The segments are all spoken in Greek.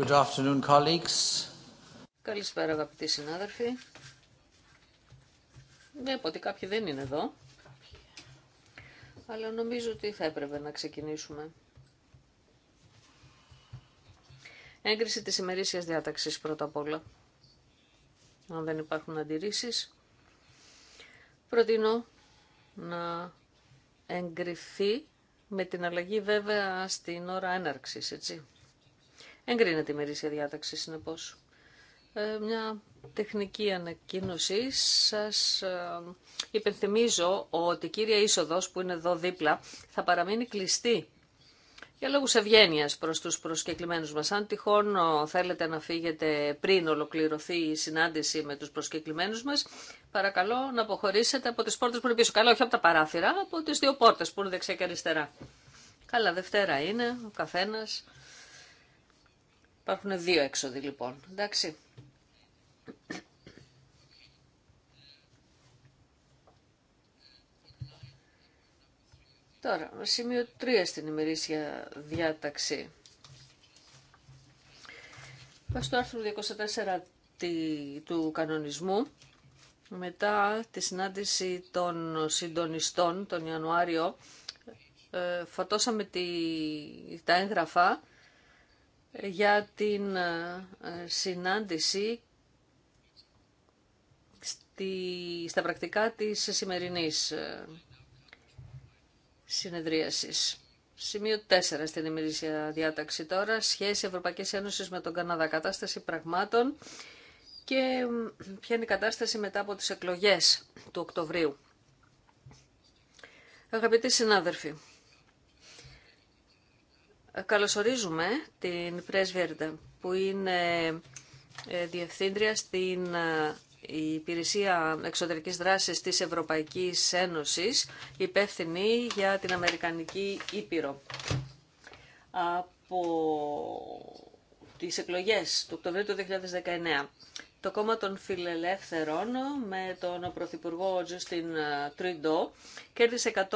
Good afternoon, colleagues. Καλησπέρα αγαπητοί συνάδελφοι. Βλέπω ναι, ότι κάποιοι δεν είναι εδώ, αλλά νομίζω ότι θα έπρεπε να ξεκινήσουμε. Έγκριση της ημερήσιας διάταξης πρώτα απ' όλα. Αν δεν υπάρχουν αντιρρήσεις, προτείνω να εγκριθεί με την αλλαγή βέβαια στην ώρα έναρξης, έτσι. Εγκρίνεται η μερίσια διάταξη, συνεπώς. Ε, μια τεχνική ανακοίνωση. Σας ε, υπενθυμίζω ότι η κύρια είσοδος που είναι εδώ δίπλα θα παραμείνει κλειστή για λόγους ευγένεια προς τους προσκεκλημένους μας. Αν τυχόν ε, θέλετε να φύγετε πριν ολοκληρωθεί η συνάντηση με τους προσκεκλημένους μας, παρακαλώ να αποχωρήσετε από τις πόρτες που είναι πίσω. Καλά, όχι από τα παράθυρα, από τις δύο πόρτες που είναι δεξιά και αριστερά. Καλά, Δευτέρα είναι, ο καθένα. Υπάρχουν δύο έξοδοι λοιπόν, εντάξει. Τώρα, σημείο 3 στην ημερήσια διάταξη. Βάσει το άρθρο 204 του κανονισμού, μετά τη συνάντηση των συντονιστών τον Ιανουάριο, ε, φωτώσαμε τα έγγραφα για την ε, συνάντηση στη, στα πρακτικά της σημερινής ε, συνεδρίασης. Σημείο 4 στην ημερήσια διάταξη τώρα, σχέση Ευρωπαϊκής Ένωσης με τον Καναδά, κατάσταση πραγμάτων και ποια είναι η κατάσταση μετά από τις εκλογές του Οκτωβρίου. Αγαπητοί συνάδελφοι, Καλωσορίζουμε την Πρέσβερντα που είναι ε, διευθύντρια στην ε, Υπηρεσία Εξωτερικής Δράσης της Ευρωπαϊκής Ένωσης, υπεύθυνη για την Αμερικανική Ήπειρο. Από τις εκλογές του Οκτωβρίου του 2019, το κόμμα των φιλελεύθερων με τον Πρωθυπουργό Τζουστιν ε, Τριντό κέρδισε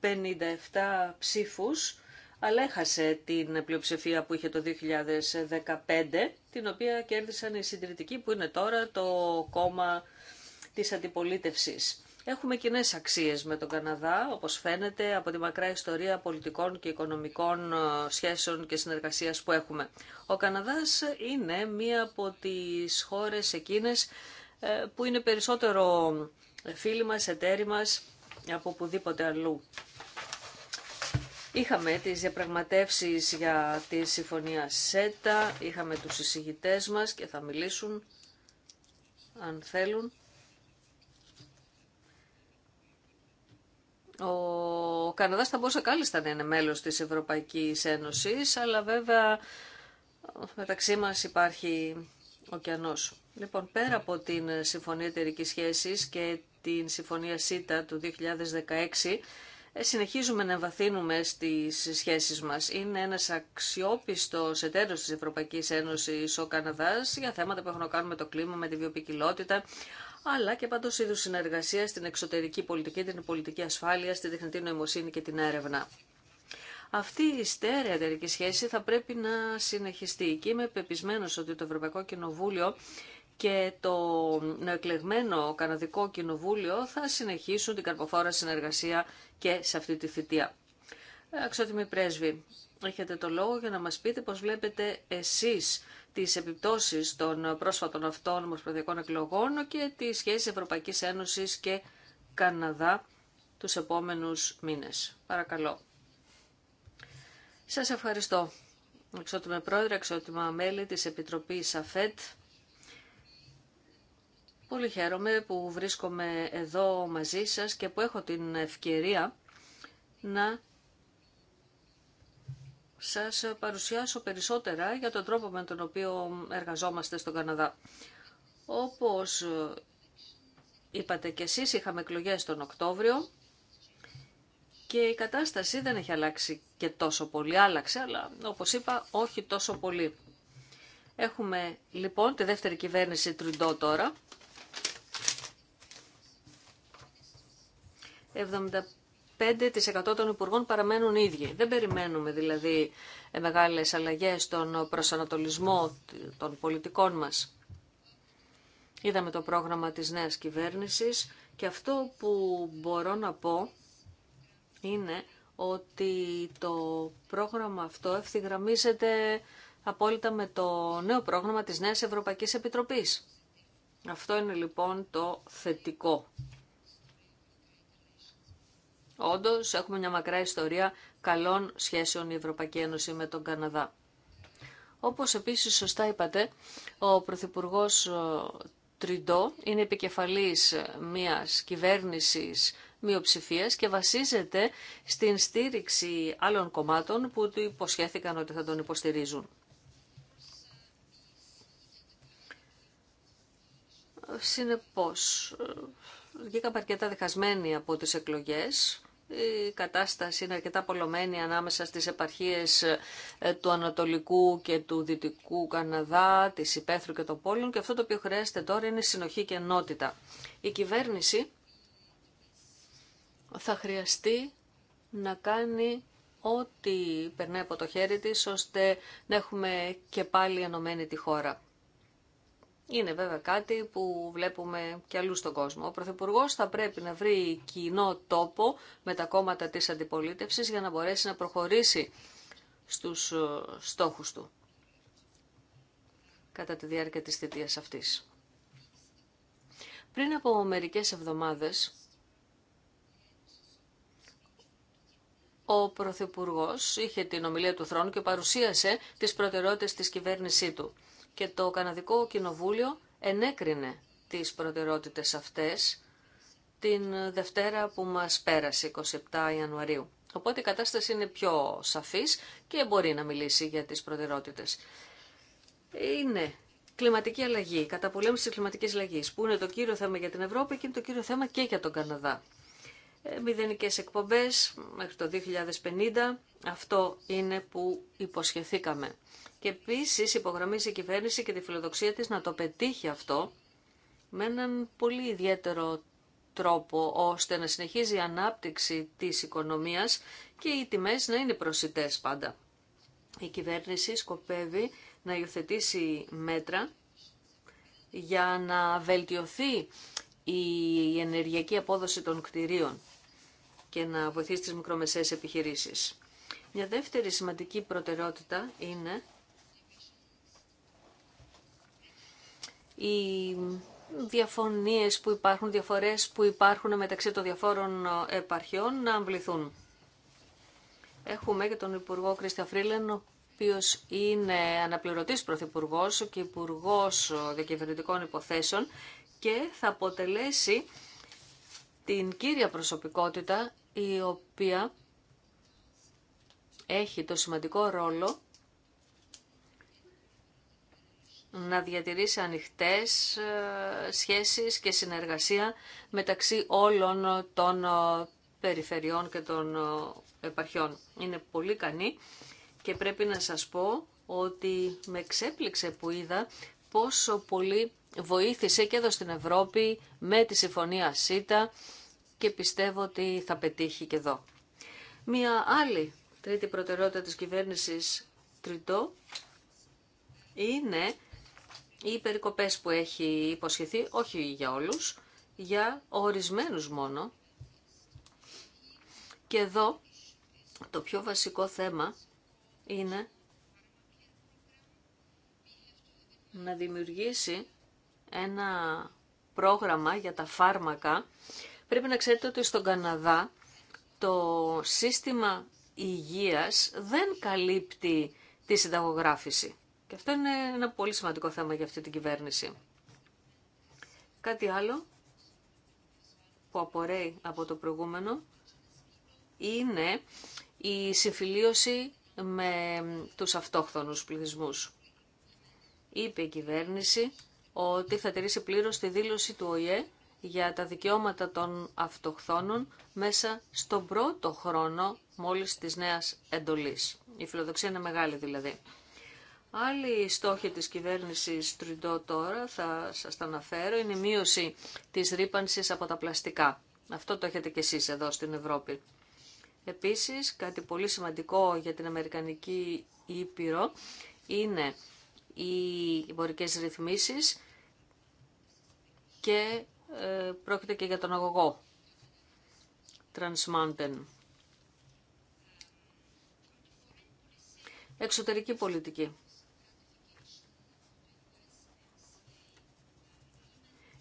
157 ψήφους αλλά έχασε την πλειοψηφία που είχε το 2015, την οποία κέρδισαν οι συντηρητικοί που είναι τώρα το κόμμα της αντιπολίτευσης. Έχουμε κοινέ αξίες με τον Καναδά, όπως φαίνεται από τη μακρά ιστορία πολιτικών και οικονομικών ε, σχέσεων και συνεργασίας που έχουμε. Ο Καναδάς είναι μία από τις χώρες εκείνες ε, που είναι περισσότερο ε, φίλοι μας, εταίροι μας από οπουδήποτε αλλού. Είχαμε τις διαπραγματεύσεις για τη συμφωνία ΣΕΤΑ, είχαμε τους εισηγητές μας και θα μιλήσουν αν θέλουν. Ο Καναδάς θα μπορούσε κάλλιστα να είναι μέλος της Ευρωπαϊκής Ένωσης, αλλά βέβαια μεταξύ μας υπάρχει ωκεανός. Λοιπόν, πέρα από την Συμφωνία Εταιρικής Σχέσης και την Συμφωνία ΣΥΤΑ του 2016, συνεχίζουμε να βαθύνουμε στις σχέσεις μας. Είναι ένας αξιόπιστος εταίρος της Ευρωπαϊκής Ένωσης ο Καναδάς για θέματα που έχουν να κάνουν με το κλίμα, με τη βιοπικιλότητα, αλλά και παντός είδου συνεργασία στην εξωτερική πολιτική, την πολιτική ασφάλεια, στη τεχνητή νοημοσύνη και την έρευνα. Αυτή η στέρεα εταιρική σχέση θα πρέπει να συνεχιστεί και είμαι πεπισμένος ότι το Ευρωπαϊκό Κοινοβούλιο και το νεοεκλεγμένο Καναδικό Κοινοβούλιο θα συνεχίσουν την καρποφόρα συνεργασία και σε αυτή τη θητεία. Αξιότιμοι πρέσβοι, έχετε το λόγο για να μας πείτε πώς βλέπετε εσείς τις επιπτώσεις των πρόσφατων αυτών ομοσπονδιακών εκλογών και τη σχέση Ευρωπαϊκής Ένωσης και Καναδά τους επόμενους μήνες. Παρακαλώ. Σας ευχαριστώ. Εξότιμε πρόεδρε, εξότιμα μέλη της Επιτροπής ΑΦΕΤ, Πολύ χαίρομαι που βρίσκομαι εδώ μαζί σας και που έχω την ευκαιρία να σας παρουσιάσω περισσότερα για τον τρόπο με τον οποίο εργαζόμαστε στον Καναδά. Όπως είπατε και εσείς, είχαμε εκλογέ τον Οκτώβριο και η κατάσταση δεν έχει αλλάξει και τόσο πολύ. Άλλαξε, αλλά όπως είπα, όχι τόσο πολύ. Έχουμε λοιπόν τη δεύτερη κυβέρνηση Τριντό τώρα 75% των υπουργών παραμένουν ίδιοι. Δεν περιμένουμε δηλαδή μεγάλες αλλαγές στον προσανατολισμό των πολιτικών μας. Είδαμε το πρόγραμμα της νέας κυβέρνησης και αυτό που μπορώ να πω είναι ότι το πρόγραμμα αυτό ευθυγραμμίζεται απόλυτα με το νέο πρόγραμμα της Νέας Ευρωπαϊκής Επιτροπής. Αυτό είναι λοιπόν το θετικό Όντω έχουμε μια μακρά ιστορία καλών σχέσεων η Ευρωπαϊκή Ένωση με τον Καναδά. Όπως επίσης σωστά είπατε, ο Πρωθυπουργό ε, Τριντό είναι επικεφαλής ε, μιας κυβέρνησης μειοψηφία και βασίζεται στην στήριξη άλλων κομμάτων που του υποσχέθηκαν ότι θα τον υποστηρίζουν. Συνεπώς, ε, βγήκαμε αρκετά διχασμένοι από τις εκλογές η κατάσταση είναι αρκετά πολλωμένη ανάμεσα στις επαρχίες ε, του Ανατολικού και του Δυτικού Καναδά, της Υπέθρου και των Πόλων και αυτό το οποίο χρειάζεται τώρα είναι συνοχή και ενότητα. Η κυβέρνηση θα χρειαστεί να κάνει ό,τι περνάει από το χέρι της, ώστε να έχουμε και πάλι ενωμένη τη χώρα. Είναι βέβαια κάτι που βλέπουμε και αλλού στον κόσμο. Ο Πρωθυπουργό θα πρέπει να βρει κοινό τόπο με τα κόμματα της αντιπολίτευσης για να μπορέσει να προχωρήσει στους ε, στόχους του κατά τη διάρκεια της θητείας αυτής. Πριν από μερικές εβδομάδες, ο Πρωθυπουργό είχε την ομιλία του θρόνου και παρουσίασε τις προτεραιότητες της κυβέρνησή του και το Καναδικό Κοινοβούλιο ενέκρινε τις προτεραιότητες αυτές την Δευτέρα που μας πέρασε, 27 Ιανουαρίου. Οπότε η κατάσταση είναι πιο σαφής και μπορεί να μιλήσει για τις προτεραιότητες. Είναι κλιματική αλλαγή, καταπολέμηση της κλιματικής αλλαγής, που είναι το κύριο θέμα για την Ευρώπη και είναι το κύριο θέμα και για τον Καναδά. Ε, μηδενικές εκπομπές μέχρι το 2050. Αυτό είναι που υποσχεθήκαμε. Και επίση υπογραμμίζει η κυβέρνηση και τη φιλοδοξία της να το πετύχει αυτό με έναν πολύ ιδιαίτερο τρόπο ώστε να συνεχίζει η ανάπτυξη της οικονομίας και οι τιμές να είναι προσιτές πάντα. Η κυβέρνηση σκοπεύει να υιοθετήσει μέτρα για να βελτιωθεί η ενεργειακή απόδοση των κτηρίων και να βοηθήσει τις μικρομεσαίες επιχειρήσεις. Μια δεύτερη σημαντική προτεραιότητα είναι οι διαφωνίες που υπάρχουν, διαφορές που υπάρχουν μεταξύ των διαφόρων επαρχιών να αμβληθούν. Έχουμε και τον Υπουργό Κρίστια Φρίλεν, ο οποίος είναι αναπληρωτής Πρωθυπουργός και υπουργό Διακυβερνητικών Υποθέσεων και θα αποτελέσει την κύρια προσωπικότητα η οποία έχει το σημαντικό ρόλο να διατηρήσει ανοιχτές ε, σχέσεις και συνεργασία μεταξύ όλων των ε, περιφερειών και των ε, επαρχιών. Είναι πολύ κανή και πρέπει να σας πω ότι με ξέπληξε που είδα πόσο πολύ βοήθησε και εδώ στην Ευρώπη με τη Συμφωνία ΣΥΤΑ και πιστεύω ότι θα πετύχει και εδώ. Μία άλλη τρίτη προτεραιότητα της κυβέρνησης τριτό... είναι οι περικοπές που έχει υποσχεθεί, όχι για όλους, για ορισμένους μόνο. Και εδώ το πιο βασικό θέμα είναι να δημιουργήσει ένα πρόγραμμα για τα φάρμακα Πρέπει να ξέρετε ότι στον Καναδά το σύστημα υγείας δεν καλύπτει τη συνταγογράφηση. Και αυτό είναι ένα πολύ σημαντικό θέμα για αυτή την κυβέρνηση. Κάτι άλλο που απορρέει από το προηγούμενο είναι η συμφιλίωση με τους αυτόχθονους πληθυσμούς. Είπε η κυβέρνηση ότι θα τηρήσει πλήρως τη δήλωση του ΟΗΕ για τα δικαιώματα των αυτοχθόνων μέσα στον πρώτο χρόνο μόλις της νέας εντολής. Η φιλοδοξία είναι μεγάλη δηλαδή. Άλλη στόχοι της κυβέρνησης Τριντό τώρα, θα σας τα αναφέρω, είναι η μείωση της ρήπανσης από τα πλαστικά. Αυτό το έχετε κι εσείς εδώ στην Ευρώπη. Επίσης, κάτι πολύ σημαντικό για την Αμερικανική Ήπειρο είναι οι εμπορικές ρυθμίσεις και ε, πρόκειται και για τον αγωγό Trans Εξωτερική πολιτική.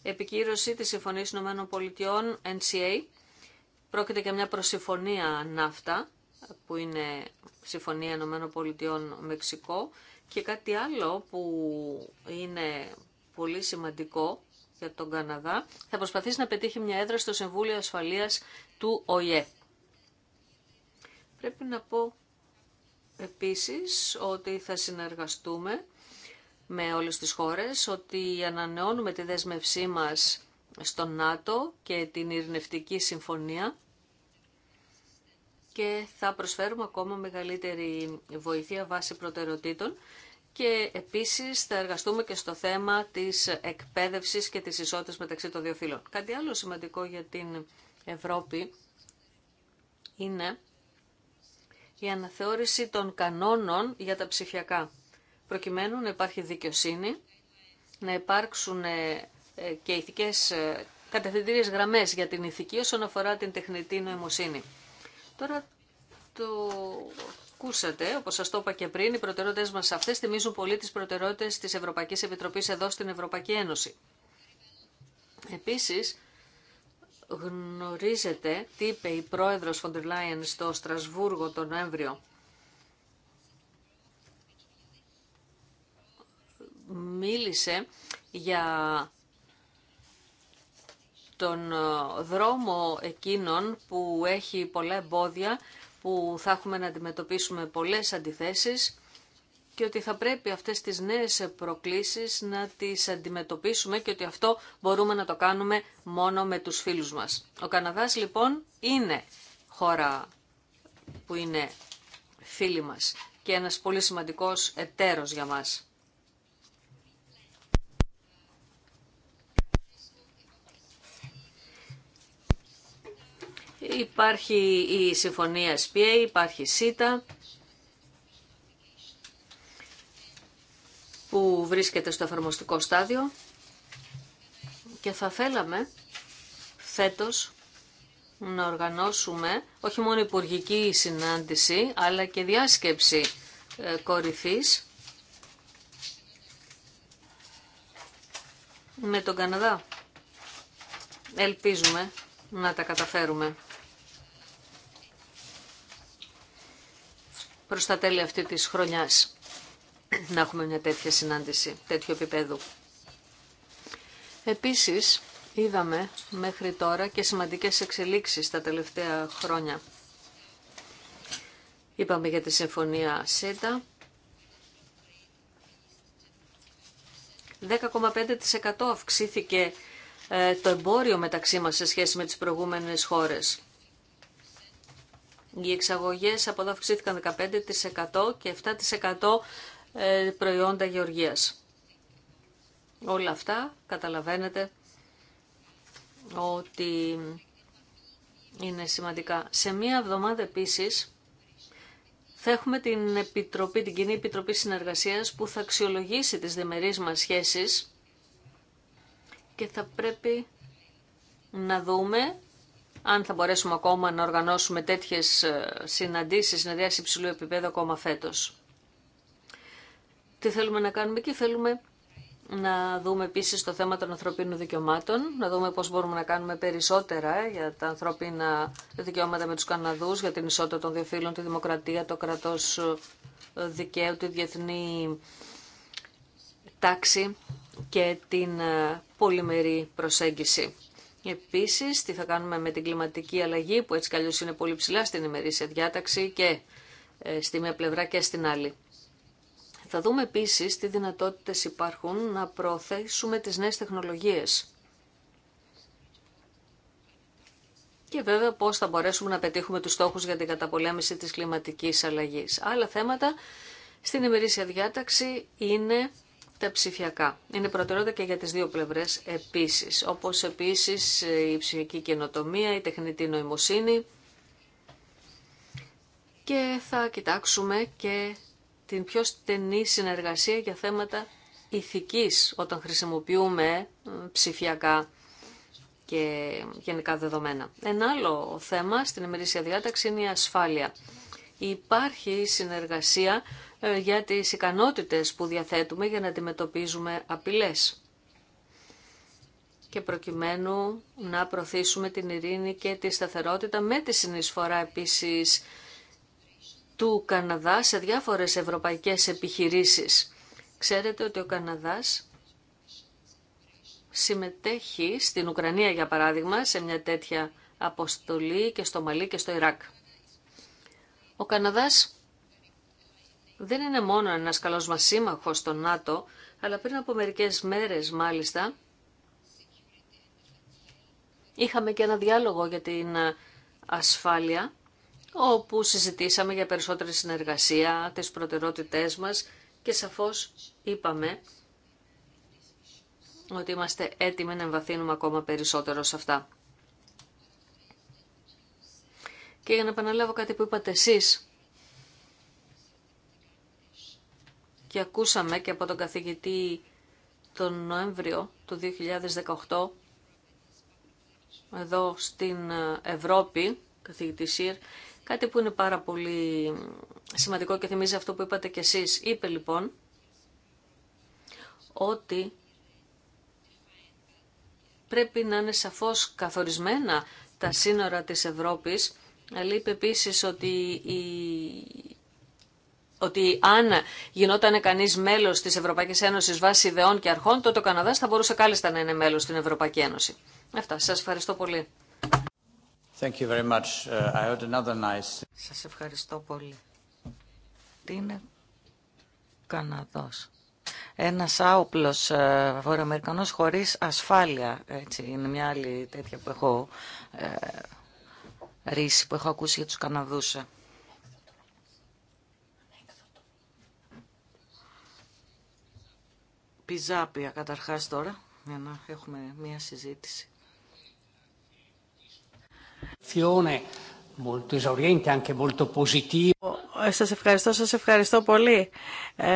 Επικύρωση της Συμφωνίας Ηνωμένων Πολιτειών, NCA. Πρόκειται και μια προσυμφωνία ναύτα, που είναι Συμφωνία Ηνωμένων Πολιτειών Μεξικό. Και κάτι άλλο που είναι πολύ σημαντικό για τον Καναδά, θα προσπαθήσει να πετύχει μια έδρα στο Συμβούλιο Ασφαλείας του ΟΗΕ. Πρέπει να πω επίσης ότι θα συνεργαστούμε με όλες τις χώρες, ότι ανανεώνουμε τη δέσμευσή μας στο ΝΑΤΟ και την Ειρηνευτική Συμφωνία και θα προσφέρουμε ακόμα μεγαλύτερη βοήθεια βάσει προτεραιοτήτων και επίσης θα εργαστούμε και στο θέμα της εκπαίδευσης και της ισότητας μεταξύ των δύο φύλων. Κάτι άλλο σημαντικό για την Ευρώπη είναι η αναθεώρηση των κανόνων για τα ψηφιακά, προκειμένου να υπάρχει δικαιοσύνη, να υπάρξουν ε, ε, και ηθικές ε, κατευθυντήριες γραμμές για την ηθική όσον αφορά την τεχνητή νοημοσύνη. Τώρα το ακούσατε, όπως σα το είπα και πριν, οι προτεραιότητε μα αυτέ θυμίζουν πολύ τι προτεραιότητε τη Ευρωπαϊκή Επιτροπή εδώ στην Ευρωπαϊκή Ένωση. Επίσης, γνωρίζετε τι είπε η πρόεδρος Φοντερ Λάιεν στο Στρασβούργο τον Νοέμβριο. Μίλησε για τον δρόμο εκείνων που έχει πολλά εμπόδια που θα έχουμε να αντιμετωπίσουμε πολλές αντιθέσεις και ότι θα πρέπει αυτές τις νέες προκλήσεις να τις αντιμετωπίσουμε και ότι αυτό μπορούμε να το κάνουμε μόνο με τους φίλους μας. Ο Καναδάς λοιπόν είναι χώρα που είναι φίλοι μας και ένας πολύ σημαντικός εταίρος για μας. Υπάρχει η συμφωνία SPA, υπάρχει η ΣΥΤΑ που βρίσκεται στο εφαρμοστικό στάδιο και θα θέλαμε φέτος να οργανώσουμε όχι μόνο υπουργική συνάντηση αλλά και διάσκεψη ε, κορυφής με τον Καναδά. Ελπίζουμε να τα καταφέρουμε. προς τα τέλη αυτή της χρονιάς να έχουμε μια τέτοια συνάντηση, τέτοιο επίπεδο. Επίσης, είδαμε μέχρι τώρα και σημαντικές εξελίξεις τα τελευταία χρόνια. Είπαμε για τη συμφωνία ΣΕΤΑ. 10,5% αυξήθηκε ε, το εμπόριο μεταξύ μας σε σχέση με τις προηγούμενες χώρες. Οι εξαγωγές από εδώ αυξήθηκαν 15% και 7% ε, προϊόντα γεωργίας. Όλα αυτά καταλαβαίνετε ότι είναι σημαντικά. Σε μία εβδομάδα επίσης θα έχουμε την, επιτροπή, την Κοινή Επιτροπή Συνεργασίας που θα αξιολογήσει τις διμερείς μας σχέσεις και θα πρέπει να δούμε αν θα μπορέσουμε ακόμα να οργανώσουμε τέτοιες ε, συναντήσεις, συνεδριάσεις υψηλού επίπεδου ακόμα φέτος. Τι θέλουμε να κάνουμε εκεί, θέλουμε να δούμε επίσης το θέμα των ανθρωπίνων δικαιωμάτων, να δούμε πώς μπορούμε να κάνουμε περισσότερα για τα ανθρώπινα δικαιώματα με τους Καναδούς, για την ισότητα των δύο τη δημοκρατία, το κρατός ε, δικαίου, τη διεθνή τάξη και την ε, πολυμερή προσέγγιση. Επίσης, τι θα κάνουμε με την κλιματική αλλαγή που έτσι καλώς είναι πολύ ψηλά στην ημερήσια διάταξη και ε, στη μία πλευρά και στην άλλη. Θα δούμε επίσης τι δυνατότητες υπάρχουν να προωθήσουμε τις νέες τεχνολογίες. Και βέβαια πώς θα μπορέσουμε να πετύχουμε τους στόχους για την καταπολέμηση της κλιματικής αλλαγής. Άλλα θέματα στην ημερήσια διάταξη είναι τα ψηφιακά. Είναι προτεραιότητα και για τις δύο πλευρές επίσης, όπως επίσης η ψηφιακή καινοτομία, η τεχνητή νοημοσύνη και θα κοιτάξουμε και την πιο στενή συνεργασία για θέματα ηθικής όταν χρησιμοποιούμε ε, ψηφιακά και γενικά δεδομένα. Ένα άλλο θέμα στην ημερήσια διάταξη είναι η ασφάλεια. Υπάρχει συνεργασία ε, για τις ικανότητες που διαθέτουμε για να αντιμετωπίζουμε απειλές και προκειμένου να προωθήσουμε την ειρήνη και τη σταθερότητα με τη συνεισφορά επίσης του Καναδά σε διάφορες ευρωπαϊκές επιχειρήσεις. Ξέρετε ότι ο Καναδάς συμμετέχει στην Ουκρανία για παράδειγμα σε μια τέτοια αποστολή και στο Μαλί και στο Ιράκ. Ο Καναδάς δεν είναι μόνο ένας καλός μας σύμμαχος στο ΝΑΤΟ, αλλά πριν από μερικές μέρες μάλιστα είχαμε και ένα διάλογο για την ε, ασφάλεια, όπου συζητήσαμε για περισσότερη συνεργασία, τις προτεραιότητές μας και σαφώς είπαμε ότι είμαστε έτοιμοι να εμβαθύνουμε ακόμα περισσότερο σε αυτά. Και για να επαναλάβω κάτι που είπατε εσείς, και ακούσαμε και από τον καθηγητή τον Νοέμβριο του 2018 εδώ στην Ευρώπη, καθηγητή ΣΥΡ, κάτι που είναι πάρα πολύ σημαντικό και θυμίζει αυτό που είπατε κι εσείς. Είπε λοιπόν ότι πρέπει να είναι σαφώς καθορισμένα τα σύνορα της Ευρώπης, αλλά ότι η ότι αν γινόταν κανεί μέλο τη Ευρωπαϊκή Ένωση βάσει ιδεών και αρχών, τότε ο Καναδά θα μπορούσε κάλλιστα να είναι μέλο στην Ευρωπαϊκή Ένωση. Αυτά. Σα ευχαριστώ πολύ. Thank uh, nice... Σας ευχαριστώ πολύ. Τι είναι Καναδός. Ένας άοπλος ε, βορειοαμερικανός χωρίς ασφάλεια. Έτσι, είναι μια άλλη τέτοια που έχω ε, ρίση, που έχω ακούσει για τους Καναδούς. Πιζάπια καταρχάς τώρα, για να έχουμε μία συζήτηση. Ε, σας ευχαριστώ, σας ευχαριστώ πολύ. Ε,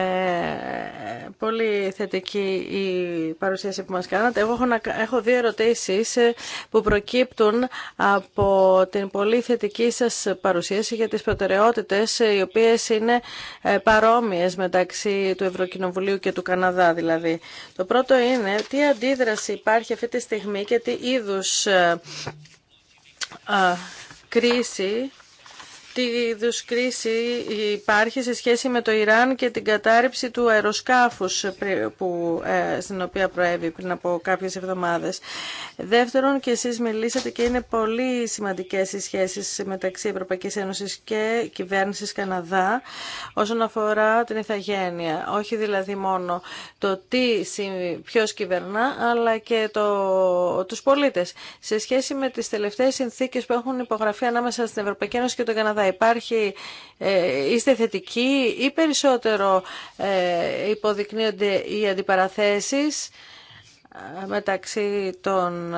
πολύ θετική η παρουσίαση που μας κάνατε. Εγώ έχω, να, έχω δύο ερωτήσεις ε, που προκύπτουν από την πολύ θετική σας παρουσίαση για τις προτεραιότητες οι οποίες είναι παρόμοιες μεταξύ του Ευρωκοινοβουλίου και του Καναδά δηλαδή. Το πρώτο είναι τι αντίδραση υπάρχει αυτή τη στιγμή και τι είδους κρίση τι είδου κρίση υπάρχει σε σχέση με το Ιράν και την κατάρριψη του αεροσκάφους που, ε, στην οποία προέβη πριν από κάποιες εβδομάδες. Δεύτερον, και εσείς μιλήσατε και είναι πολύ σημαντικές οι σχέσεις μεταξύ Ευρωπαϊκής Ένωσης και κυβέρνησης Καναδά όσον αφορά την ηθαγένεια. Όχι δηλαδή μόνο το τι, ποιος κυβερνά, αλλά και το, τους πολίτες. Σε σχέση με τις τελευταίες συνθήκες που έχουν υπογραφεί ανάμεσα στην Ευρωπαϊκή Ένωση και τον Καναδά θα υπάρχει, ε, είστε θετικοί ή περισσότερο ε, υποδεικνύονται οι αντιπαραθέσεις ε, μεταξύ των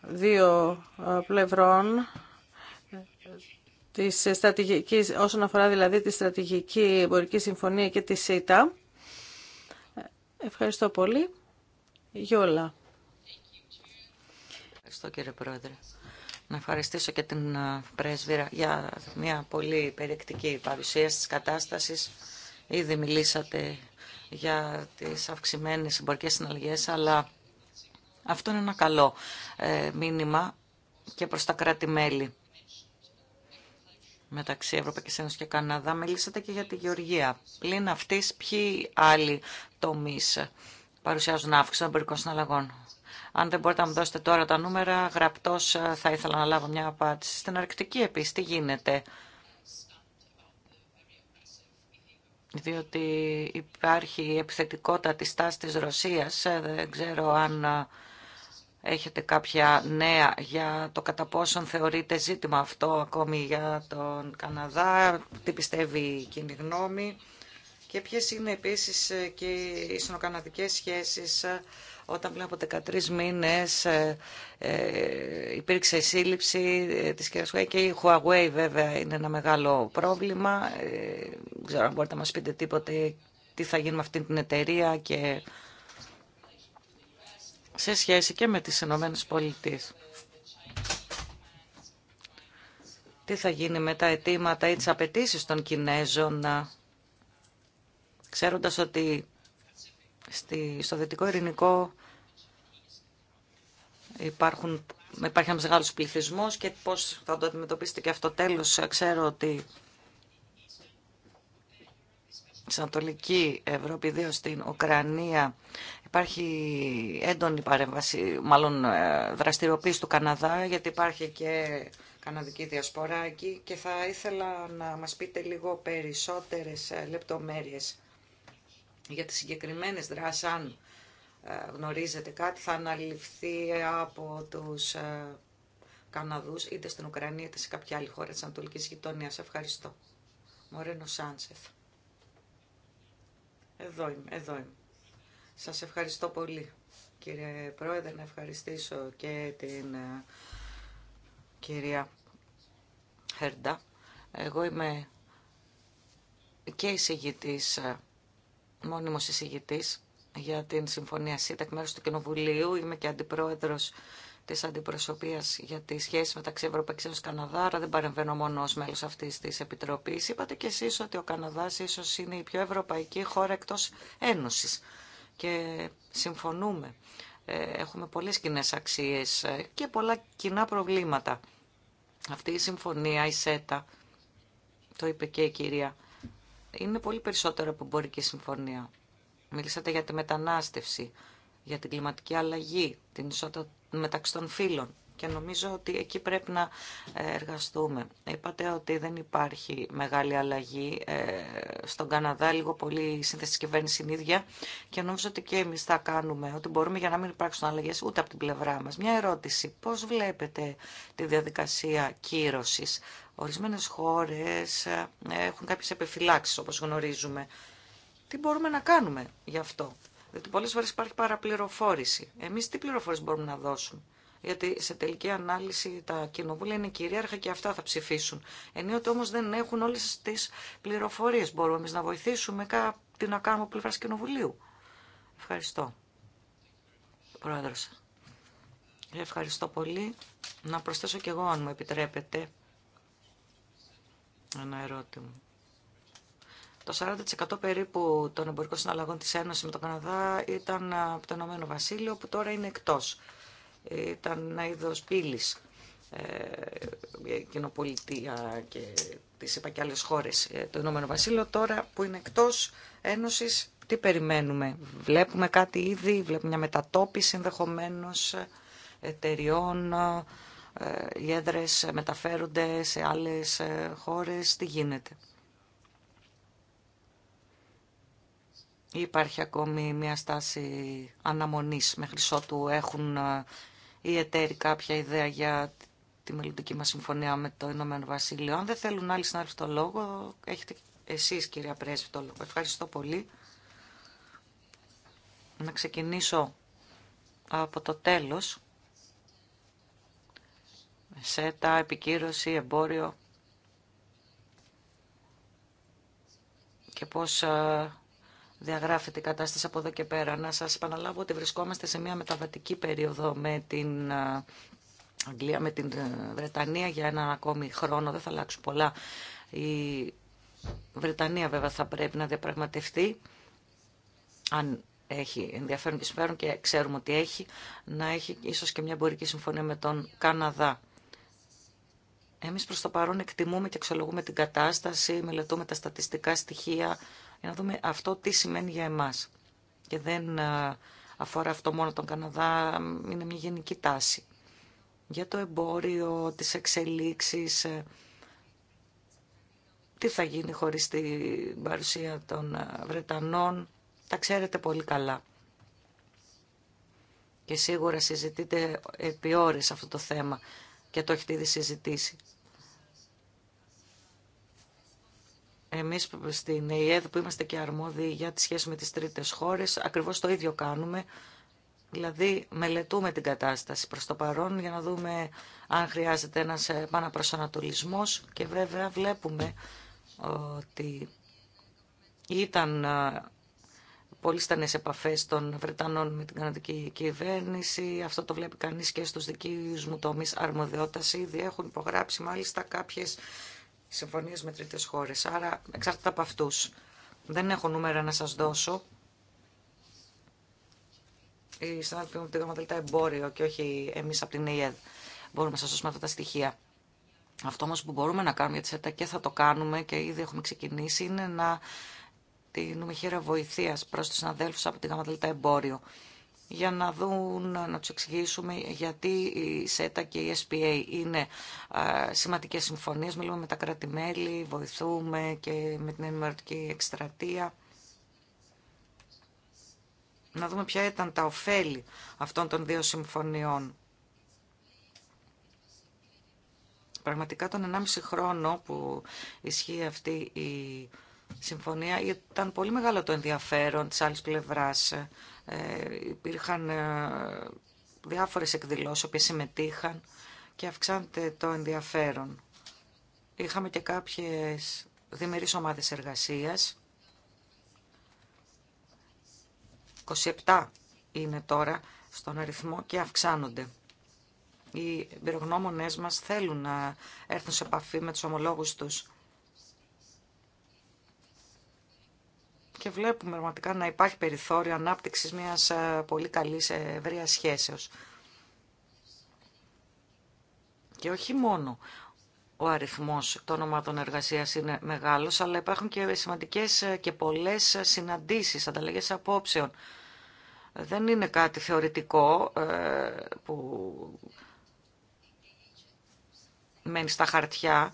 δύο πλευρών της στρατηγικής, όσον αφορά δηλαδή τη στρατηγική εμπορική συμφωνία και τη ΣΥΤΑ. Ευχαριστώ πολύ. Γιόλα. Ευχαριστώ κύριε Πρόεδρε. Να ευχαριστήσω και την ε, πρέσβυρα για μια πολύ περιεκτική παρουσίαση της κατάστασης. Ήδη μιλήσατε για τις αυξημένες εμπορικές συναλλαγές, αλλά αυτό είναι ένα καλό ε, μήνυμα και προς τα κράτη-μέλη μεταξύ Ευρωπαϊκής Ένωσης και Καναδά. Μιλήσατε και για τη Γεωργία. Πλην αυτής, ποιοι άλλοι τομείς παρουσιάζουν αύξηση των εμπορικών συναλλαγών. Αν δεν μπορείτε να μου δώσετε τώρα τα νούμερα, γραπτός ε, θα ήθελα να λάβω μια απάντηση. Στην Αρκτική επίσης, τι γίνεται. Διότι υπάρχει επιθετικότητα της τάσης της Ρωσίας. Ε, δεν ξέρω αν ε, έχετε κάποια νέα για το κατά πόσον θεωρείτε ζήτημα αυτό ακόμη για τον Καναδά. Τι πιστεύει η κοινή γνώμη και ποιες είναι επίσης ε, και οι συνοκαναδικές σχέσεις ε, όταν πριν από 13 μήνες ε, υπήρξε η σύλληψη της Κερασουέ και η Huawei βέβαια είναι ένα μεγάλο πρόβλημα. δεν ξέρω αν μπορείτε να μας πείτε τίποτε τι θα γίνει με αυτή την εταιρεία και σε σχέση και με τις Ηνωμένες Πολιτείες. Τι θα γίνει με τα αιτήματα ή τις απαιτήσει των Κινέζων ξέροντας ότι στο Δυτικό Ειρηνικό υπάρχουν, υπάρχει ένα μεγάλος πληθυσμός και πώς θα το αντιμετωπίσετε και αυτό τέλος. Ξέρω ότι στην Ανατολική Ευρώπη, ιδίω στην Ουκρανία, υπάρχει έντονη παρέμβαση, μάλλον ε, δραστηριοποίηση του Καναδά, γιατί υπάρχει και καναδική διασπορά εκεί και θα ήθελα να μας πείτε λίγο περισσότερες ε, λεπτομέρειες για τις συγκεκριμένες δράσεις, αν ε, γνωρίζετε κάτι, θα αναλυφθεί από τους ε, Καναδούς, είτε στην Ουκρανία, είτε σε κάποια άλλη χώρα της Ανατολικής Γειτονίας. Ευχαριστώ. Μωρένο Σάνσεφ. Εδώ είμαι, εδώ είμαι. Σας ευχαριστώ πολύ, κύριε Πρόεδρε, να ευχαριστήσω και την ε, κυρία Χέρντα. Εγώ είμαι και εισηγητής μόνιμος εισηγητής για την Συμφωνία ΣΥΤΑ εκ του Κοινοβουλίου. Είμαι και αντιπρόεδρος τη Αντιπροσωπείας για τη σχέση μεταξύ Ευρωπαϊκή Ένωση και Καναδά, άρα δεν παρεμβαίνω μόνο ω μέλο αυτή τη επιτροπή. Είπατε κι εσεί ότι ο Καναδά ίσω είναι η πιο ευρωπαϊκή χώρα εκτό Ένωση. Και συμφωνούμε. Ε, έχουμε πολλέ κοινέ αξίε ε, και πολλά κοινά προβλήματα. Αυτή η συμφωνία, η ΣΕΤΑ, το είπε και η κυρία είναι πολύ περισσότερο από εμπορική συμφωνία. Μιλήσατε για τη μετανάστευση, για την κλιματική αλλαγή, την ισότητα μεταξύ των φύλων και νομίζω ότι εκεί πρέπει να ε, εργαστούμε. Είπατε ότι δεν υπάρχει μεγάλη αλλαγή ε, στον Καναδά, λίγο πολύ η σύνθεση της κυβέρνησης είναι ίδια και νομίζω ότι και εμείς θα κάνουμε ότι μπορούμε για να μην υπάρξουν αλλαγές ούτε από την πλευρά μας. Μια ερώτηση, πώς βλέπετε τη διαδικασία κύρωσης. Ορισμένες χώρες ε, έχουν κάποιες επιφυλάξεις όπως γνωρίζουμε. Τι μπορούμε να κάνουμε γι' αυτό. Διότι πολλές φορές υπάρχει παραπληροφόρηση. Εμείς τι πληροφόρηση μπορούμε να δώσουμε γιατί σε τελική ανάλυση τα κοινοβούλια είναι κυρίαρχα και αυτά θα ψηφίσουν. ότι όμως δεν έχουν όλες τις πληροφορίες. Μπορούμε εμείς να βοηθήσουμε κάτι να κάνουμε από πλευράς κοινοβουλίου. Ευχαριστώ. Πρόεδρος. Ευχαριστώ πολύ. Να προσθέσω κι εγώ, αν μου επιτρέπετε, ένα ερώτημα. Το 40% περίπου των εμπορικών συναλλαγών της Ένωσης με τον Καναδά ήταν από το Ηνωμένο Βασίλειο, που τώρα είναι εκτός ήταν ένα είδος πύλης ε, κοινοπολιτεία και τις είπα και άλλες χώρες ε, το Ηνωμένο Βασίλειο τώρα που είναι εκτό Ένωσης τι περιμένουμε βλέπουμε κάτι ήδη βλέπουμε μια μετατόπιση ενδεχομένω εταιριών ε, οι έδρε μεταφέρονται σε άλλες ε, χώρες τι γίνεται Υπάρχει ακόμη μια στάση αναμονής μέχρι ότου έχουν ή εταίροι κάποια ιδέα για τη μελλοντική μας συμφωνία με το Ηνωμένο Βασίλειο. Αν δεν θέλουν άλλοι έρθουν το λόγο, έχετε εσείς κυρία Πρέσβη το λόγο. Ευχαριστώ πολύ. Να ξεκινήσω από το τέλος. ΣΕΤΑ, επικύρωση, εμπόριο και πώς ε, διαγράφεται η κατάσταση από εδώ και πέρα. Να σας επαναλάβω ότι βρισκόμαστε σε μια μεταβατική περίοδο με την ε, Αγγλία, με την ε, Βρετανία για ένα ακόμη χρόνο. Δεν θα αλλάξουν πολλά. Η Βρετανία βέβαια θα πρέπει να διαπραγματευτεί αν έχει ενδιαφέρον και συμφέρον και ξέρουμε ότι έχει, να έχει ίσως και μια εμπορική συμφωνία με τον Καναδά. Εμείς προς το παρόν εκτιμούμε και εξολογούμε την κατάσταση, μελετούμε τα στατιστικά στοιχεία, για να δούμε αυτό τι σημαίνει για εμάς. Και δεν ε, αφορά αυτό μόνο τον Καναδά, είναι μια γενική τάση. Για το εμπόριο, τις εξελίξεις, ε, τι θα γίνει χωρίς την παρουσία των ε, Βρετανών, τα ξέρετε πολύ καλά. Και σίγουρα συζητείτε επί αυτό το θέμα και το έχετε ήδη συζητήσει. Εμείς στην ΕΕΔ που είμαστε και αρμόδιοι για τη σχέση με τις τρίτες χώρες, ακριβώς το ίδιο κάνουμε. Δηλαδή μελετούμε την κατάσταση προς το παρόν για να δούμε αν χρειάζεται ένας επαναπροσανατολισμός και βέβαια βλέπουμε ότι ήταν ε, πολύ στενές επαφές των Βρετανών με την καναδική κυβέρνηση. Αυτό το βλέπει κανείς και στους δικούς μου τομείς αρμοδιότητα, Ήδη έχουν υπογράψει μάλιστα κάποιες συμφωνίες με τρίτες χώρες. Άρα εξαρτάται από αυτούς. Δεν έχω νούμερα να σας δώσω. Οι συνάδελφοι μου από την Εμπόριο και όχι εμείς από την ΕΕΔ μπορούμε να σας δώσουμε αυτά τα στοιχεία. Αυτό όμως που μπορούμε να κάνουμε για τη ΣΕΤΑ και θα το κάνουμε και ήδη έχουμε ξεκινήσει είναι να δίνουμε χέρα βοηθείας προς τους συναδέλφους από την Γαμαδελτά Εμπόριο για να δουν, να τους εξηγήσουμε γιατί η ΣΕΤΑ και η SPA είναι σημαντικές συμφωνίες. Μιλούμε με τα κράτη-μέλη, βοηθούμε και με την ενημερωτική εκστρατεία. Να δούμε ποια ήταν τα ωφέλη αυτών των δύο συμφωνιών. Πραγματικά τον 1,5 χρόνο που ισχύει αυτή η συμφωνία. Ήταν πολύ μεγάλο το ενδιαφέρον της άλλης πλευράς. Ε, υπήρχαν ε, διάφορες εκδηλώσεις, συμμετείχαν και αυξάνεται το ενδιαφέρον. Είχαμε και κάποιες διμερείς ομάδες εργασίας. 27 είναι τώρα στον αριθμό και αυξάνονται. Οι εμπειρογνώμονές μας θέλουν να έρθουν σε επαφή με τους ομολόγους τους και βλέπουμε πραγματικά να υπάρχει περιθώριο ανάπτυξης μιας ε, πολύ καλής ε, ευρεία σχέσεως. Και όχι μόνο ο αριθμός των ομάδων εργασίας είναι μεγάλος, αλλά υπάρχουν και σημαντικές ε, και πολλές συναντήσεις, ανταλλαγές απόψεων. Δεν είναι κάτι θεωρητικό που μένει στα χαρτιά.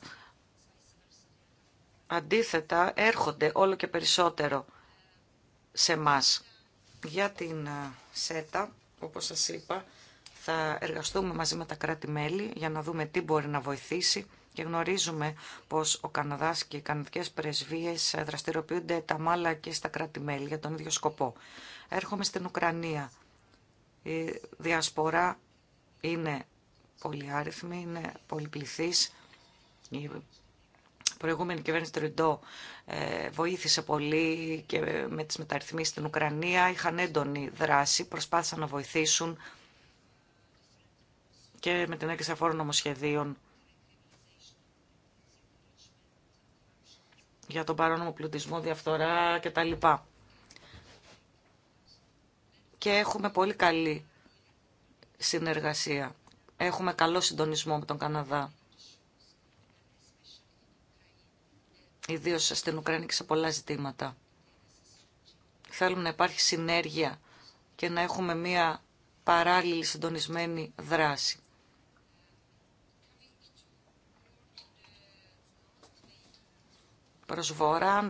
Αντίθετα, έρχονται όλο και περισσότερο σε μας Για την ε, ΣΕΤΑ, όπως σας είπα, θα εργαστούμε μαζί με τα κράτη-μέλη για να δούμε τι μπορεί να βοηθήσει και γνωρίζουμε πως ο Καναδάς και οι καναδικές πρεσβείες ε, δραστηριοποιούνται τα μάλα και στα κράτη-μέλη για τον ίδιο σκοπό. Έρχομαι στην Ουκρανία. Η διασπορά είναι πολυάριθμη, είναι πολυπληθής προηγούμενη κυβέρνηση Τριντό ε, βοήθησε πολύ και με τις μεταρρυθμίσεις στην Ουκρανία είχαν έντονη δράση, προσπάθησαν να βοηθήσουν και με την έκρηση αφόρων νομοσχεδίων για τον παρόνομο πλουτισμό, διαφθορά κτλ. Και έχουμε πολύ καλή συνεργασία. Έχουμε καλό συντονισμό με τον Καναδά. ιδίω στην Ουκρανία και σε πολλά ζητήματα. Θέλουμε να υπάρχει συνέργεια και να έχουμε μία παράλληλη συντονισμένη δράση. Προς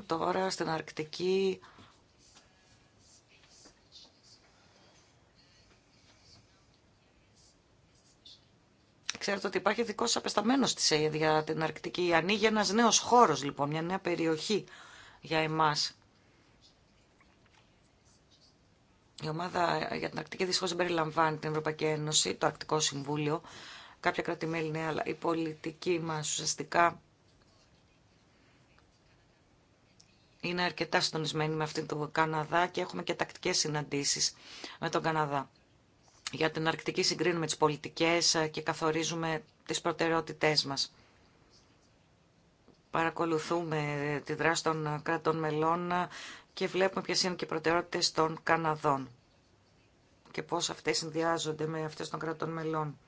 τώρα, στην Αρκτική, Ξέρετε ότι υπάρχει δικό σα απεσταμένο τη ΕΕ για την Αρκτική. Ανοίγει ένα νέο χώρο, λοιπόν, μια νέα περιοχή για εμά. Η ομάδα για την Αρκτική δυστυχώ δεν περιλαμβάνει την Ευρωπαϊκή Ένωση, το Αρκτικό Συμβούλιο. Κάποια κράτη-μέλη ναι, αλλά η πολιτική μα ουσιαστικά είναι αρκετά συντονισμένη με αυτήν τον Καναδά και έχουμε και τακτικέ συναντήσει με τον Καναδά για την Αρκτική συγκρίνουμε τις πολιτικές ε, και καθορίζουμε τις προτεραιότητές μας. Παρακολουθούμε ε, τη δράση των ε, κρατών μελών και βλέπουμε ποιες είναι και οι προτεραιότητες των Καναδών και πώς αυτές συνδυάζονται με αυτές των κρατών μελών.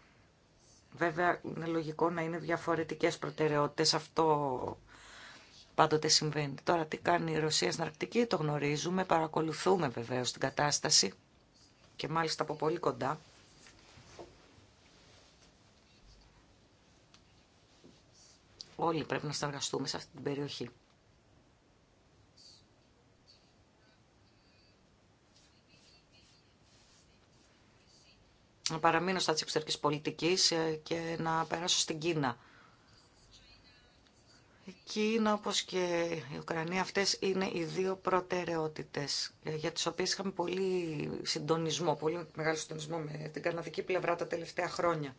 Βέβαια, είναι λογικό να είναι διαφορετικές προτεραιότητες. Αυτό πάντοτε συμβαίνει. Τώρα, τι κάνει η Ρωσία στην Αρκτική, το γνωρίζουμε, παρακολουθούμε βεβαίως την κατάσταση και μάλιστα από πολύ κοντά. Όλοι πρέπει να συνεργαστούμε σε αυτή την περιοχή. Να παραμείνω στα της εξωτερικής πολιτικής ε, και να περάσω στην Κίνα. Κίνα όπως και η Ουκρανία αυτές είναι οι δύο προτεραιότητες ε, για τις οποίες είχαμε πολύ συντονισμό, πολύ μεγάλο συντονισμό με την καναδική πλευρά τα τελευταία χρόνια.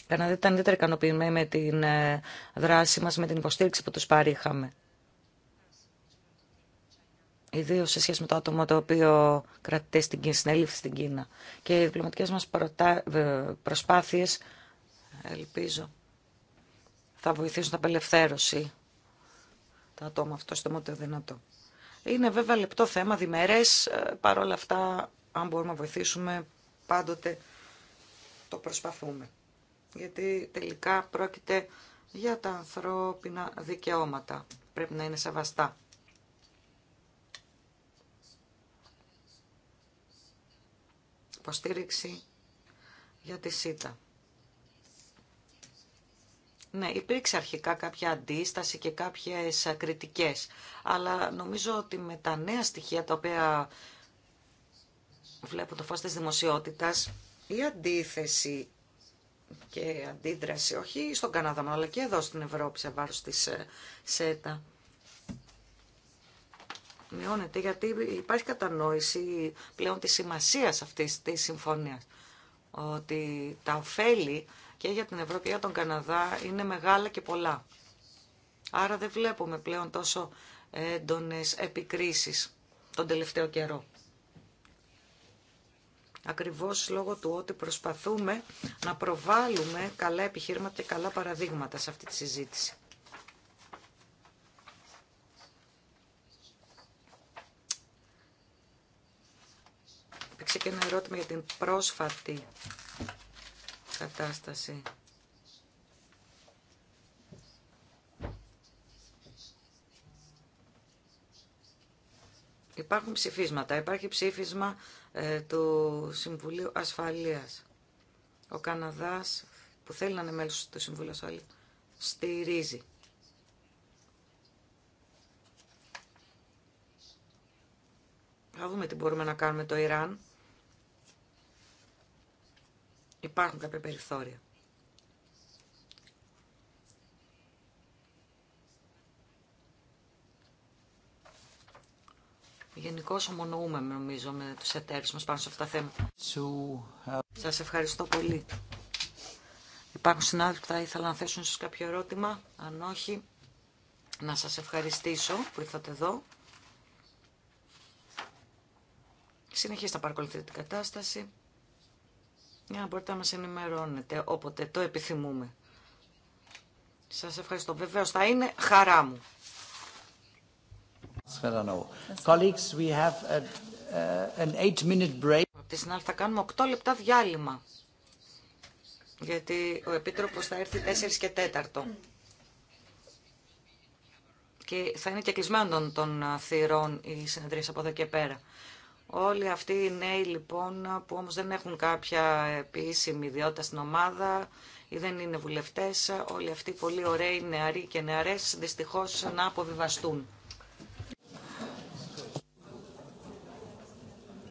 Η Καναδί ήταν ιδιαίτερα ικανοποιημένη με την ε, δράση μας, με την υποστήριξη που τους παρήχαμε. Ιδίω σε σχέση με το άτομο το οποίο κρατεί στην Κίνα, στην Κίνα. Και οι διπλωματικές μας ε, προσπάθειες, ελπίζω, θα βοηθήσουν την απελευθέρωση τα ατόμα αυτό στο μόνο δυνατό. Είναι βέβαια λεπτό θέμα, διμερές, ε, παρόλα αυτά αν μπορούμε να βοηθήσουμε πάντοτε το προσπαθούμε. Γιατί τελικά πρόκειται για τα ανθρώπινα δικαιώματα. Πρέπει να είναι σεβαστά. Υποστήριξη για τη ΣΥΤΑ. Ναι, υπήρξε αρχικά κάποια αντίσταση και κάποιες κριτικές, αλλά νομίζω ότι με τα νέα στοιχεία τα οποία βλέπω το φως της δημοσιότητας, η αντίθεση και αντίδραση, όχι στον Καναδά, αλλά και εδώ στην Ευρώπη σε βάρος της ε, ΣΕΤΑ, μειώνεται γιατί υπάρχει κατανόηση πλέον της σημασίας αυτής της συμφωνίας ότι τα ωφέλη και για την Ευρώπη και για τον Καναδά είναι μεγάλα και πολλά. Άρα δεν βλέπουμε πλέον τόσο έντονες επικρίσεις τον τελευταίο καιρό. Ακριβώς λόγω του ότι προσπαθούμε να προβάλλουμε καλά επιχείρηματα και καλά παραδείγματα σε αυτή τη συζήτηση. Υπήρξε και ένα ερώτημα για την πρόσφατη κατάσταση. Υπάρχουν ψηφίσματα. Υπάρχει ψήφισμα ε, του Συμβουλίου Ασφαλείας. Ο Καναδάς που θέλει να είναι μέλος του Συμβουλίου Ασφαλείας στηρίζει. Θα δούμε τι μπορούμε να κάνουμε το Ιράν. Υπάρχουν κάποια περιθώρια. Γενικώ ομονοούμε νομίζω με τους εταίρους μας πάνω σε αυτά τα θέματα. Ε, σας ευχαριστώ πολύ. Υπάρχουν συνάδελφοι που θα ήθελα να θέσουν ίσως κάποιο ερώτημα. Αν όχι, να σας ευχαριστήσω που ήρθατε εδώ. Συνεχίστε να παρακολουθείτε την κατάσταση για να μπορείτε να μας ενημερώνετε όποτε το επιθυμούμε. Σας ευχαριστώ. Βεβαίως θα είναι χαρά μου. Colleagues, we have an eight-minute break. Από τη θα κάνουμε 8 λεπτά διάλειμμα. Γιατί ο Επίτροπος θα έρθει 4 και 4. Και θα είναι και κλεισμένο των ε, θηρών οι συνεδρίες από εδώ και πέρα. Όλοι αυτοί οι νέοι λοιπόν που όμως δεν έχουν κάποια επίσημη ιδιότητα στην ομάδα ή δεν είναι βουλευτές, όλοι αυτοί οι πολύ ωραίοι νεαροί και νεαρές δυστυχώς να αποβιβαστούν.